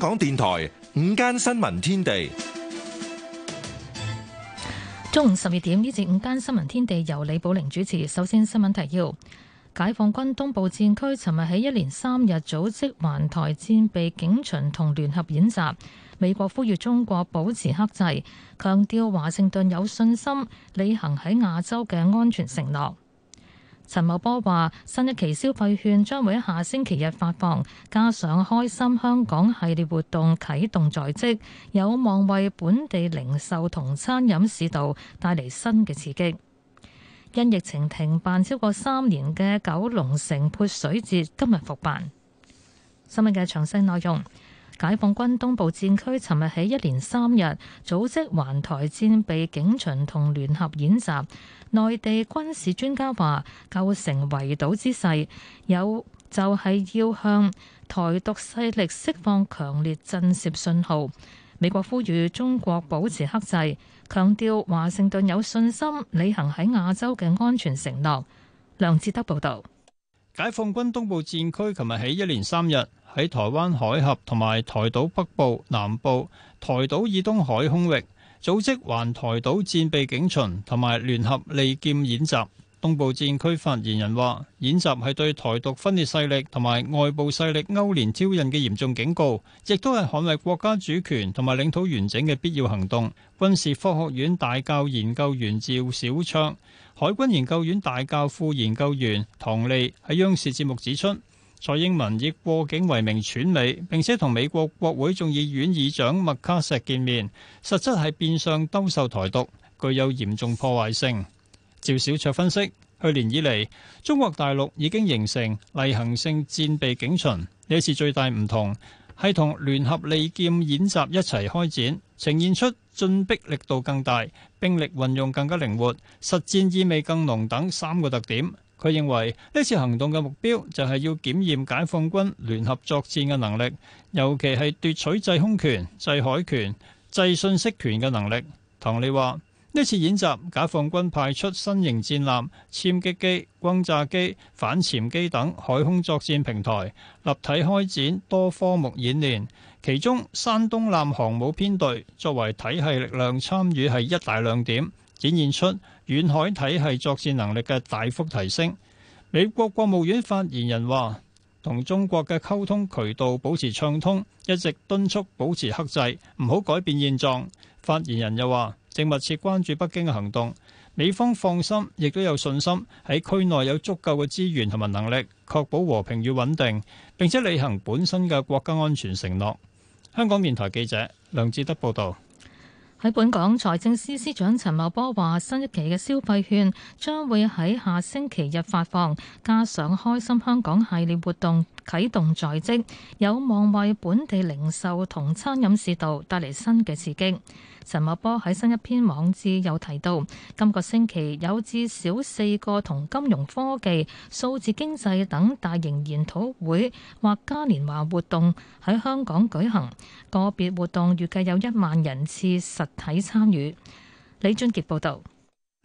香港電台午間新聞天地，中午十二點，呢節午間新聞天地由李寶玲主持。首先，新聞提要：解放軍東部戰區尋日喺一連三日組織環台戰備警巡同聯合演習。美國呼籲中國保持克制，強調華盛頓有信心履行喺亞洲嘅安全承諾。陳茂波話：新一期消費券將會喺下星期日發放，加上開心香港系列活動啟動在即，有望為本地零售同餐飲市道帶嚟新嘅刺激。因疫情停辦超過三年嘅九龍城潑水節今日復辦。新聞嘅詳細內容。解放軍東部戰區尋日起一連三日組織環台戰備警巡、同聯合演習。內地軍事專家話，構成圍堵之勢，有就係要向台獨勢力釋放強烈震懾信號。美國呼籲中國保持克制，強調華盛頓有信心履行喺亞洲嘅安全承諾。梁志德報道。解放軍東部戰區琴日起一連三日。喺台灣海峽同埋台島北部、南部、台島以東海空域，組織環台島戰備警巡同埋聯合利劍演習。東部戰區發言人話：演習係對台獨分裂勢力同埋外部勢力勾連挑釁嘅嚴重警告，亦都係捍衞國家主權同埋領土完整嘅必要行動。軍事科學院大教研究員趙小卓、海軍研究院大教副研究員唐莉喺央視節目指出。蔡英文以過境為名竄美，並且同美國國會眾議院議長麥卡錫見面，實質係變相兜售台獨，具有嚴重破壞性。趙小卓分析，去年以嚟，中國大陸已經形成例行性戰備警巡，呢次最大唔同，係同聯合利劍演習一齊開展，呈現出進逼力度更大、兵力運用更加靈活、實戰意味更濃等三個特點。佢認為呢次行動嘅目標就係要檢驗解放軍聯合作戰嘅能力，尤其係奪取制空權、制海權、制信息權嘅能力。唐利話：呢次演習，解放軍派出新型戰艦、殲擊機、轟炸機、反潛機等海空作戰平台，立體開展多科目演練，其中，山東艦航母編隊作為體系力量參與係一大亮點，展現出遠海體系作戰能力嘅大幅提升，美國國務院發言人話：同中國嘅溝通渠道保持暢通，一直敦促保持克制，唔好改變現狀。發言人又話：正密切關注北京嘅行動，美方放心，亦都有信心喺區內有足夠嘅資源同埋能力，確保和平與穩定，並且履行本身嘅國家安全承諾。香港電台記者梁志德報道。喺本港，財政司司長陳茂波話，新一期嘅消費券將會喺下星期日發放，加上開心香港系列活動，啟動在即，有望為本地零售同餐飲市道帶嚟新嘅刺激。陳茂波喺新一篇網誌又提到，今個星期有至少四個同金融科技、數字經濟等大型研討會或嘉年華活動喺香港舉行，個別活動預計有一萬人次實體參與，李俊杰報道。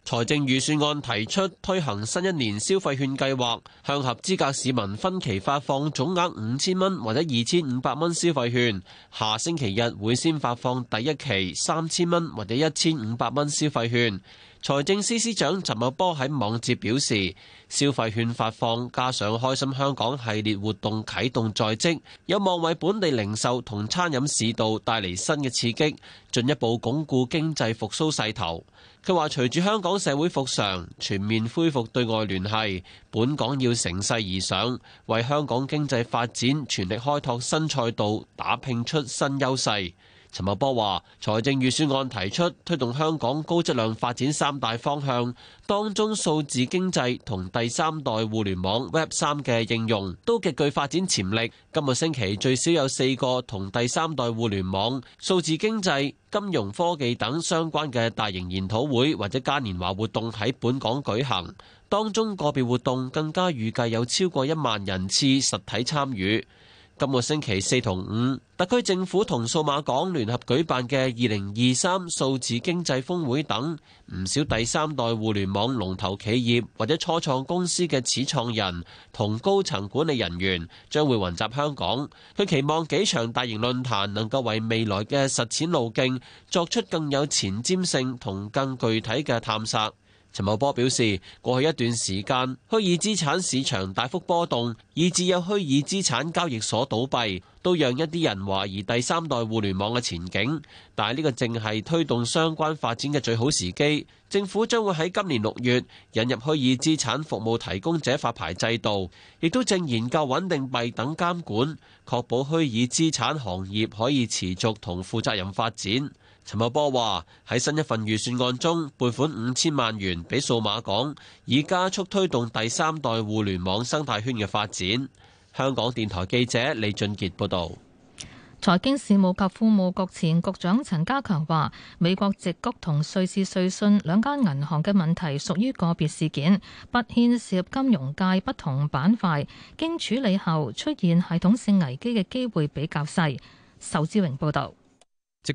財政預算案提出推行新一年消費券計劃，向合資格市民分期發放總額五千蚊或者二千五百蚊消費券。下星期日會先發放第一期三千蚊或者一千五百蚊消費券。財政司司長陳茂波喺網誌表示，消費券發放加上開心香港系列活動啟動在即，有望為本地零售同餐飲市道帶嚟新嘅刺激，進一步鞏固經濟復蘇勢頭。佢話，隨住香港社會復常，全面恢復對外聯繫，本港要乘勢而上，為香港經濟發展，全力開拓新賽道，打拼出新優勢。陳茂波話：財政預算案提出推動香港高質量發展三大方向，當中數字經濟同第三代互聯網 （Web 三）嘅應用都極具發展潛力。今個星期最少有四個同第三代互聯網、數字經濟、金融科技等相關嘅大型研討會或者嘉年華活動喺本港舉行，當中個別活動更加預計有超過一萬人次實體參與。今個星期四同五，特區政府同數碼港聯合舉辦嘅二零二三數字經濟峰會等，唔少第三代互聯網龍頭企業或者初創公司嘅始創人同高層管理人員將會雲集香港，佢期望幾場大型論壇能夠為未來嘅實踐路徑作出更有前瞻性同更具體嘅探索。陳茂波表示，過去一段時間，虛擬資產市場大幅波動，以至有虛擬資產交易所倒閉，都讓一啲人懷疑第三代互聯網嘅前景。但係呢個正係推動相關發展嘅最好時機。政府將會喺今年六月引入虛擬資產服務提供者發牌制度，亦都正研究穩定幣等監管，確保虛擬資產行業可以持續同負責任發展。陳茂波話：喺新一份預算案中，撥款五千萬元俾數碼港，以加速推動第三代互聯網生態圈嘅發展。香港電台記者李俊傑報導。財經事務及庫務局前局長陳家強話：美國矽谷同瑞士瑞信兩間銀行嘅問題屬於個別事件，不牽涉金融界不同板塊，經處理後出現系統性危機嘅機會比較細。仇志榮報導。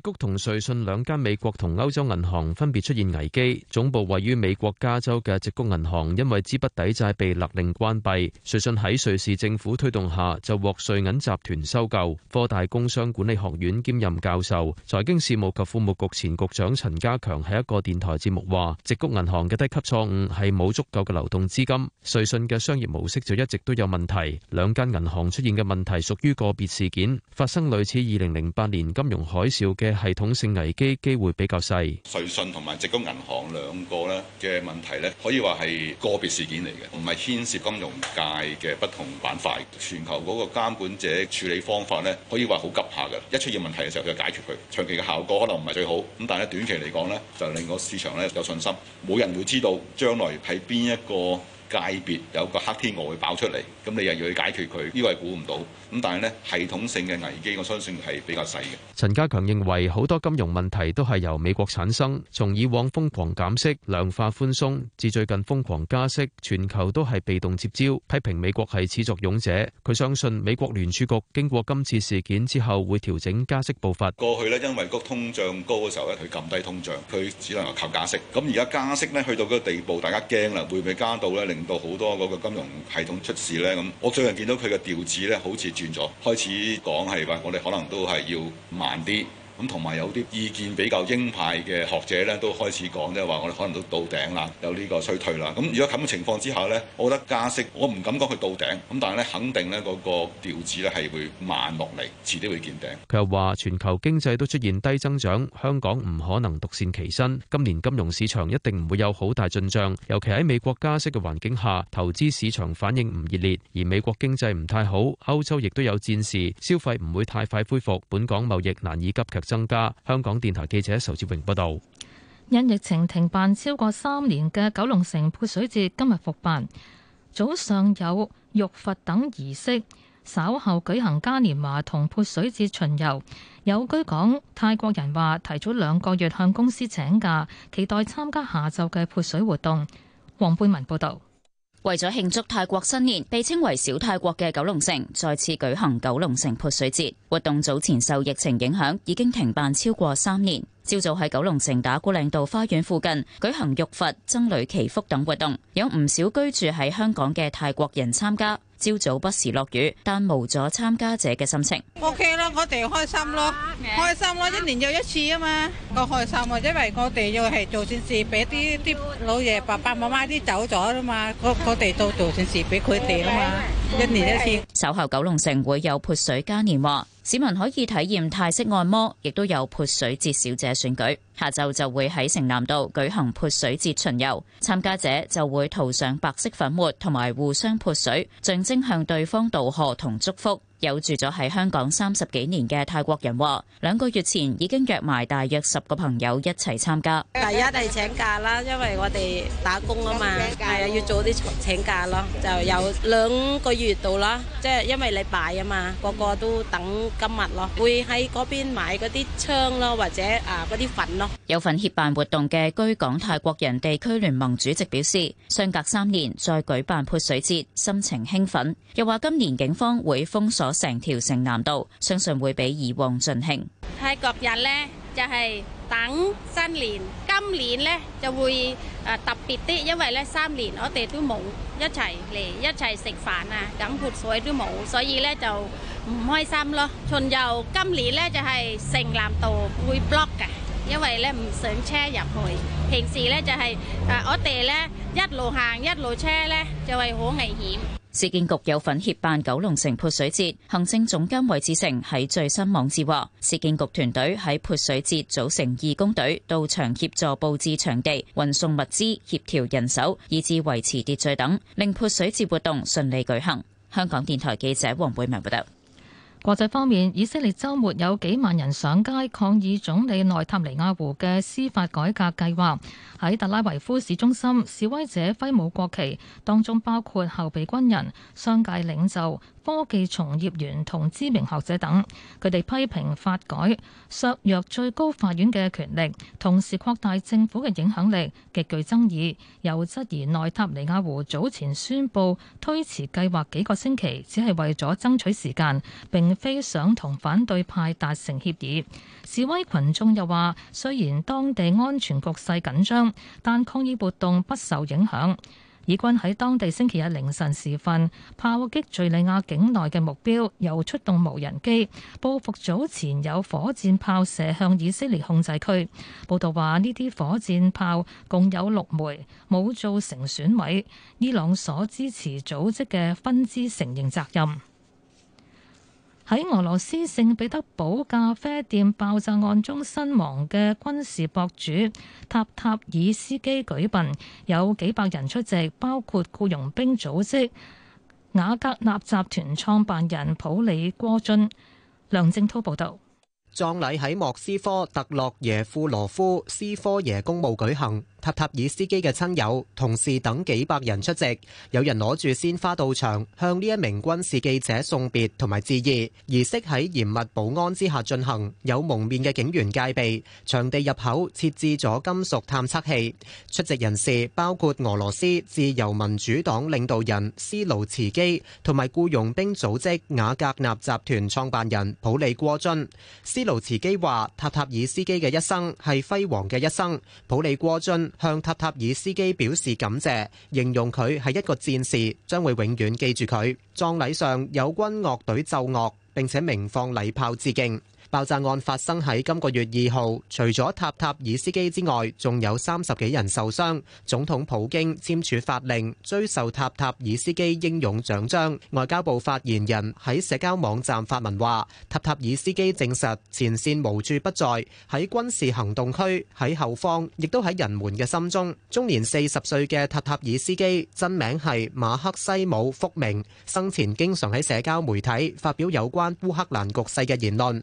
矽谷同瑞信兩間美國同歐洲銀行分別出現危機，總部位於美國加州嘅矽谷銀行因為資不抵債被勒令關閉，瑞信喺瑞士政府推動下就獲瑞銀集團收購。科大工商管理學院兼任教授、財經事務及庫務局前局長陳家強喺一個電台節目話：矽谷銀行嘅低級錯誤係冇足夠嘅流動資金，瑞信嘅商業模式就一直都有問題。兩間銀行出現嘅問題屬於個別事件，發生類似二零零八年金融海嘯嘅系統性危機機會比較細，瑞信同埋矽谷銀行兩個咧嘅問題咧，可以話，係個別事件嚟嘅，唔係牽涉金融界嘅不同板塊，全球嗰個監管者處理方法咧，可以話好急下嘅，一出現問題嘅時候就解決佢，長期嘅效果可能唔係最好，咁但係短期嚟講咧，就令個市場咧有信心。冇人會知道將來喺邊一個界別有個黑天鵝會爆出嚟，咁你又要去解決佢，呢個係估唔到。咁但係咧，系統性嘅危機，我相信係比較細嘅。陳家強認為好多金融問題都係由美國產生，從以往瘋狂減息、量化寬鬆，至最近瘋狂加息，全球都係被動接招，批評美國係始作俑者。佢相信美國聯儲局經過今次事件之後，會調整加息步伐。過去咧，因為個通脹高嘅時候咧，佢撳低通脹，佢只能夠靠加息。咁而家加息咧，去到嗰個地步，大家驚啦，會唔會加到咧，令到好多嗰個金融系統出事咧？咁我最近見到佢嘅調子咧，好似，開始講係話，我哋可能都係要慢啲。咁同埋有啲意見比較鷹派嘅學者咧，都開始講即係話我哋可能都到頂啦，有呢個衰退啦。咁如果咁嘅情況之下咧，我覺得加息我唔敢講佢到頂，咁但係咧肯定咧呢個調子咧係會慢落嚟，遲啲會見頂。佢又話：全球經濟都出現低增長，香港唔可能獨善其身，今年金融市場一定唔會有好大進賬。尤其喺美國加息嘅環境下，投資市場反應唔熱烈，而美國經濟唔太好，歐洲亦都有戰事，消費唔會太快恢復，本港貿易難以急劇增加香港電台記者仇志榮報道，因疫情停辦超過三年嘅九龍城潑水節今日復辦，早上有浴佛等儀式，稍後舉行嘉年華同潑水節巡遊。有居港泰國人話提早兩個月向公司請假，期待參加下晝嘅潑水活動。黃貝文報道。為咗慶祝泰國新年，被稱為小泰國嘅九龍城再次舉行九龍城潑水節活動。早前受疫情影響，已經停辦超過三年。朝早喺九龍城打鼓嶺道花園附近舉行浴佛、僧侶祈福等活動，有唔少居住喺香港嘅泰國人參加。朝早不時落雨，但無阻參加者嘅心情。O K 啦，我哋開心咯，開心咯，一年有一次啊嘛，我開心啊！因為我哋要係做善事，俾啲啲老爺爸爸媽媽啲走咗啊嘛，我我哋都做善事俾佢哋啊嘛。嗯嗯。一年一天，守候九龍城會有潑水嘉年華，市民可以體驗泰式按摩，亦都有潑水節小姐選舉。下晝就會喺城南道舉行潑水節巡遊，參加者就會塗上白色粉末同埋互相潑水，象徵向對方道賀同祝福。有住咗喺香港三十幾年嘅泰國人話、哦、兩個月前已經約埋大約十個朋友一齊參加。第一係請假啦，因為我哋打工啊嘛，係啊、嗯，要做啲請假咯，就有兩個月度啦，即、就、係、是、因為禮拜啊嘛，個個都等今日咯。會喺嗰邊買嗰啲槍咯，或者啊嗰啲粉咯。有份協辦活動嘅居港泰國人地區聯盟主席表示：相隔三年再舉辦潑水節，心情興奮，又話今年警方會封鎖。成條城南道，相信會比以往盡興。泰國人咧就係、是、等新年，今年咧就會啊特別啲，因為咧三年我哋都冇一齊嚟一齊食飯啊，咁潑水都冇，所以咧就唔開心咯。仲有今年咧就係、是、城南道會 block 嘅，因為咧唔想車入去。平時咧就係、是、啊、呃、我哋咧一路行一路車咧就係、是、好危險。市建局有份協辦九龍城潑水節，行政總監韋志成喺最新網誌話，市建局團隊喺潑水節組成義工隊，到場協助佈置場地、運送物資、協調人手，以至維持秩序等，令潑水節活動順利舉行。香港電台記者黃慧文報道。國際方面，以色列周末有幾萬人上街抗議總理內塔尼亞胡嘅司法改革計劃。喺特拉維夫市中心，示威者揮舞國旗，當中包括後備軍人、商界領袖、科技從業員同知名學者等，佢哋批評法改削弱最高法院嘅權力，同時擴大政府嘅影響力，極具爭議。又質疑內塔尼亞胡早前宣布推遲計劃幾個星期，只係為咗爭取時間，並非想同反對派達成協議。示威群眾又話，雖然當地安全局勢緊張，但抗議活動不受影響。以軍喺當地星期日凌晨時分炮擊敘利亞境內嘅目標，又出動無人機，報復早前有火箭炮射向以色列控制區。報道話呢啲火箭炮共有六枚，冇造成損毀。伊朗所支持組織嘅分支承認責任。喺俄羅斯聖彼得堡咖啡店爆炸案中身亡嘅軍事博主塔塔爾斯基舉殯，有幾百人出席，包括僱傭兵組織瓦格納集團創辦人普里戈津。梁正滔報導，葬禮喺莫斯科特洛耶夫羅夫斯科耶公墓舉行。塔塔爾斯基嘅親友、同事等幾百人出席，有人攞住鮮花到場，向呢一名軍事記者送別同埋致意。儀式喺嚴密保安之下進行，有蒙面嘅警員戒備，場地入口設置咗金屬探測器。出席人士包括俄羅斯自由民主黨領導人斯盧茨基同埋僱傭兵組織瓦格納集團創辦人普里戈津。斯盧茨基話：塔塔爾斯基嘅一生係輝煌嘅一生。普里戈津。向塔塔爾斯基表示感謝，形容佢係一個戰士，將會永遠記住佢。葬禮上有軍樂隊奏樂，並且鳴放禮炮致敬。爆炸案發生喺今個月二號，除咗塔塔爾斯基之外，仲有三十幾人受傷。總統普京簽署法令追授塔塔爾斯基英勇獎章。外交部發言人喺社交網站發文話：塔塔爾斯基證實前線無處不在，喺軍事行動區，喺後方，亦都喺人們嘅心中。終年四十歲嘅塔塔爾斯基真名係馬克西姆·福明，生前經常喺社交媒體發表有關烏克蘭局勢嘅言論。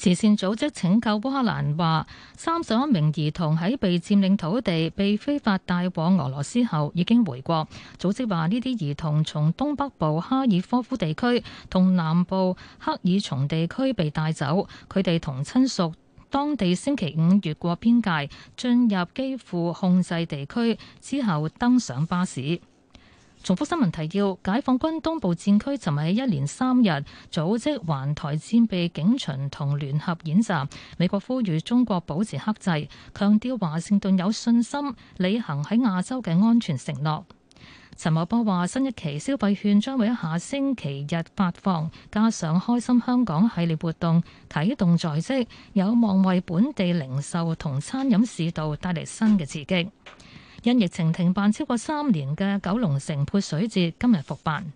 慈善組織拯救烏克蘭話，三十一名兒童喺被佔領土地被非法帶往俄羅斯後已經回國。組織話呢啲兒童從東北部哈爾科夫地區同南部克爾松地區被帶走，佢哋同親屬當地星期五越過邊界進入基輔控制地區之後登上巴士。重複新聞提要：解放軍東部戰區尋日一連三日組織環台戰備警巡同聯合演習。美國呼籲中國保持克制，強調華盛頓有信心履行喺亞洲嘅安全承諾。陳茂波話：新一期消費券將會喺下星期日發放，加上開心香港系列活動啟動在即，有望為本地零售同餐飲市道帶嚟新嘅刺激。因疫情停辦超過三年嘅九龍城潑水節今日復辦。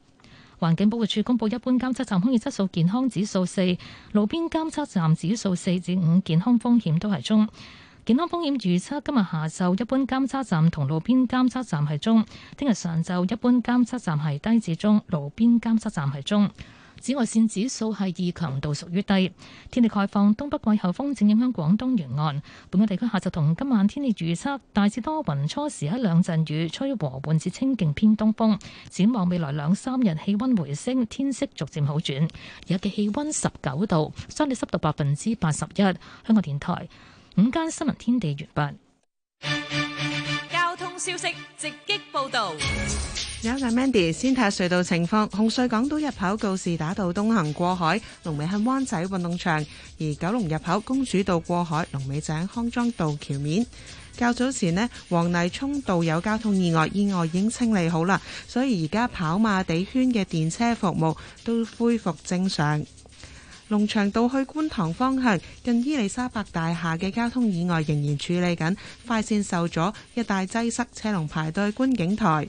環境保護署公布，一般監測站空氣質素健康指數四，路邊監測站指數四至五，健康風險都係中。健康風險預測今日下晝一般監測站同路邊監測站係中，聽日上晝一般監測站係低至中，路邊監測站係中。紫外線指數係二，強度屬於低。天氣概況，東北季候風正影響廣東沿岸，本港地區下晝同今晚天氣預測大致多雲，初時一兩陣雨，吹和緩至清勁偏東風。展望未來兩三日氣温回升，天色逐漸好轉。而家嘅氣温十九度，相對濕度百分之八十一。香港電台午間新聞天地完畢。交通消息直擊報導。有一 Mandy 先睇下隧道情況，紅隧港島入口告士打道東行過海，龍尾喺灣仔運動場；而九龍入口公主道過海，龍尾就喺康莊道橋面。較早前呢，黃泥涌道有交通意外，意外已經清理好啦，所以而家跑馬地圈嘅電車服務都恢復正常。龍翔道去觀塘方向近伊利沙伯大廈嘅交通意外仍然處理緊，快線受阻，一帶擠塞，車龍排隊觀景台。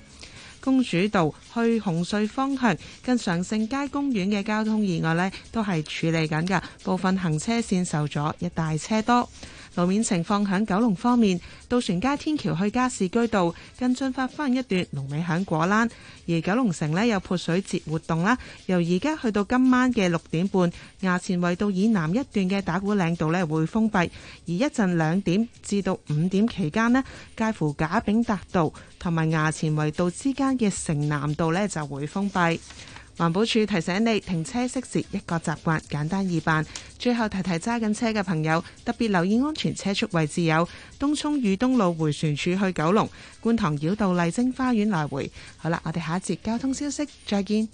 公主道去紅隧方向，跟常盛街公園嘅交通意外呢，都係處理緊㗎，部分行車線受阻，一大車多。路面情況喺九龍方面，渡船街天橋去加士居道更進發翻一段，龍尾喺果欄；而九龍城呢，有潑水節活動啦。由而家去到今晚嘅六點半，衙前圍道以南一段嘅打鼓嶺道呢會封閉，而一陣兩點至到五點期間呢，介乎賈炳達道同埋衙前圍道之間嘅城南道呢就會封閉。環保署提醒你停車熄匙一個習慣，簡單易辦。最後提提揸緊車嘅朋友，特別留意安全車速位置，有東涌裕東路回旋處去九龍、觀塘繞道麗晶花園來回。好啦，我哋下一節交通消息再見。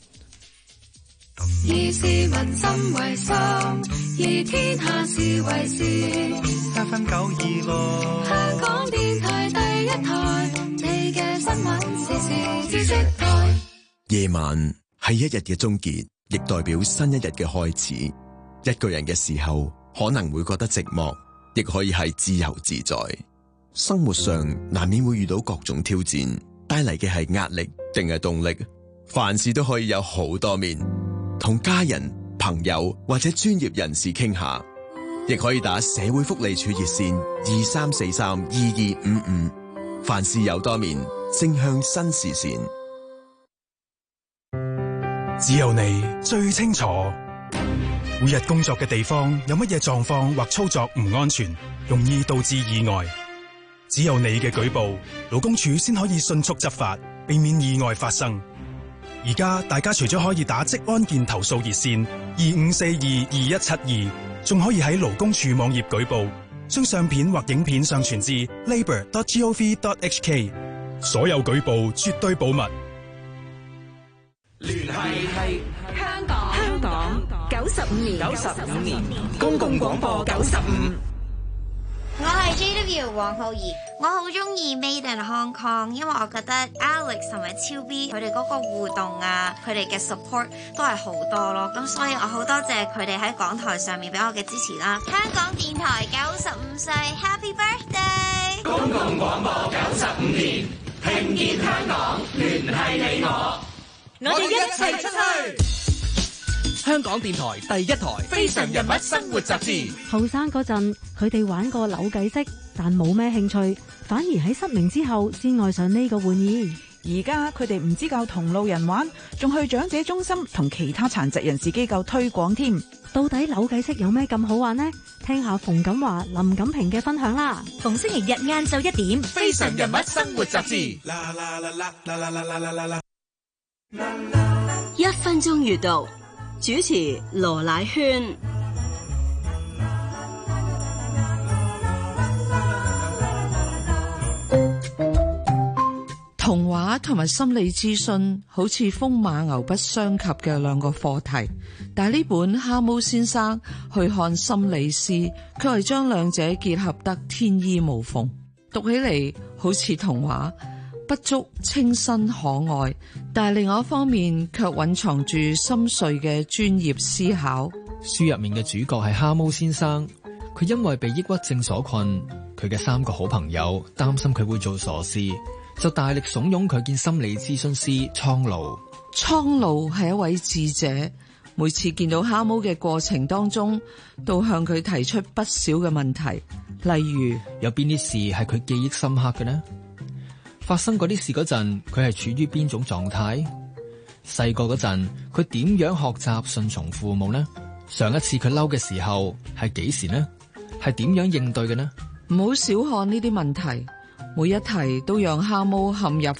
夜晚喺一日嘅終結，亦代表新一日嘅開始。一個人嘅時候，可能會覺得寂寞，亦可以係自由自在。生活上難免會遇到各種挑戰，帶嚟嘅係壓力定係動力。凡事都可以有好多面，同家人、朋友或者專業人士傾下，亦可以打社會福利處熱線二三四三二二五五。凡事有多面，正向新視線。只有你最清楚，每日工作嘅地方有乜嘢狀況或操作唔安全，容易導致意外。只有你嘅舉報，勞工處先可以迅速執法，避免意外發生。而家大家除咗可以打職安健投訴熱線二五四二二一七二，仲可以喺勞工處網頁舉報，將相片或影片上傳至 labour.gov.hk，r dot 所有舉報絕對保密。聯繫係香港香港,香港九十五年九十五年公共廣播九十五，我係 J W 黃浩儀，我好中意 Made in Hong Kong，因為我覺得 Alex 同埋超 B 佢哋嗰個互動啊，佢哋嘅 support 都係好多咯，咁所以我好多謝佢哋喺港台上面俾我嘅支持啦。香港電台九十五歲 Happy Birthday，公共廣播九十五年，聽見香港，聯繫你我。我哋一齊出去！香港電台第一台《非常人物生活雜誌》。後生嗰陣，佢哋玩過扭計骰，但冇咩興趣，反而喺失明之後先愛上呢個玩意。而家佢哋唔只教同路人玩，仲去長者中心同其他殘疾人士機構推廣添。到底扭計骰有咩咁好玩呢？聽下馮錦華、林錦平嘅分享啦。逢星期日晏晝一點，《非常人物生活雜誌》啦。啦啦啦啦啦啦一分鐘閱讀，主持羅乃萱。童話同埋心理諮詢好似風馬牛不相及嘅兩個課題，但係呢本蛤蟆先生去看心理師，佢係將兩者結合得天衣無縫，讀起嚟好似童話。不足清新可愛，但係另外一方面卻蘊藏住深邃嘅專業思考。書入面嘅主角係蛤蟆先生，佢因為被抑鬱症所困，佢嘅三個好朋友擔心佢會做傻事，就大力慫恿佢見心理諮詢師蒼鷺。蒼鷺係一位智者，每次見到蛤蟆嘅過程當中，都向佢提出不少嘅問題，例如有邊啲事係佢記憶深刻嘅呢？發生嗰啲事陣，佢係處於邊種狀態？細個陣，佢點樣學習順從父母呢？上一次佢嬲嘅時候，係幾時呢？係點樣應對嘅呢？唔好小看呢啲問題，每一題都讓夏木陷入。